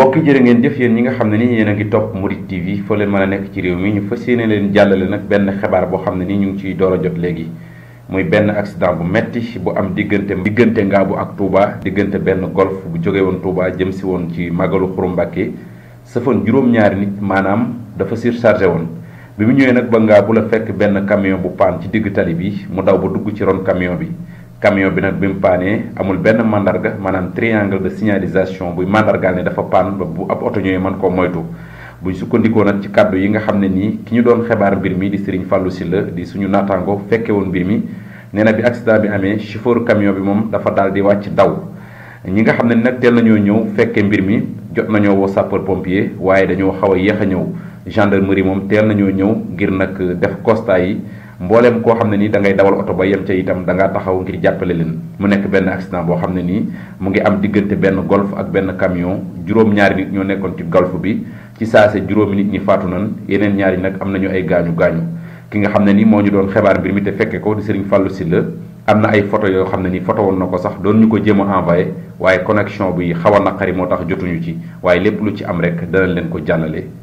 mbokk jërë ngeen jëf yéen ñi nga xam ne ni yéen ngi topp Mourid TV foo leen mën a nekk ci réew mi ñu fas leen jàllale nag benn xibaar boo xam ne ni ñu ngi ciy jot léegi muy benn accident bu metti bu am diggante diggante Ngaabu ak Touba diggante benn golf bu jóge woon Touba jëm si woon ci magalu Xuru Mbàkke sëfoon juróom-ñaari nit maanaam dafa surchargé woon bi mu ñëwee nag ba Ngaabu la fekk benn camion bu paan ci digg tali bi mu daw ba dugg ci ron camion bi camion bi nag bi mu paanee amul benn mandarga maanaam triangle de signalisation buy mandargaal ne dafa paan ba bu ab oto ñëwee mën koo moytu buñ sukkandikoo nag ci kàddu yi nga xam ne nii ki ñu doon xebaar mbir mi di Serigne Fallou Sylla di suñu naataango fekke woon mbir mi nee bi accident bi amee chauffeur camion bi moom dafa daal di wàcc daw ñi nga xam ne nag teel nañoo ñëw fekke mbir mi jot nañoo woo sapeur waaye dañoo xaw a yéex a ñëw gendarmerie moom teel nañoo ñëw ngir nag def constat yi mbooleem koo xam ne nii da ngay dawal oto ba yem ca itam da ngaa taxaw ngir jàppale leen mu nekk benn accident boo xam ne nii mu ngi am diggante benn golf ak benn camion juróom-ñaari nit ñoo nekkoon ci golf bi ci saase juróomi nit ñi faatu nan yeneen ñaari nag am nañu ay gaañu gaañu ki nga xam ne nii moo ñu doon xibaar mbir mi te fekke ko di Serigne Fallou la am na ay photo yoo xam ne nii photo woon na ko sax doon ñu ko jéem a envoyé waaye connexion bi xaw a naqari moo tax jotuñu ci waaye lépp lu ci am rek danañ leen ko jàllale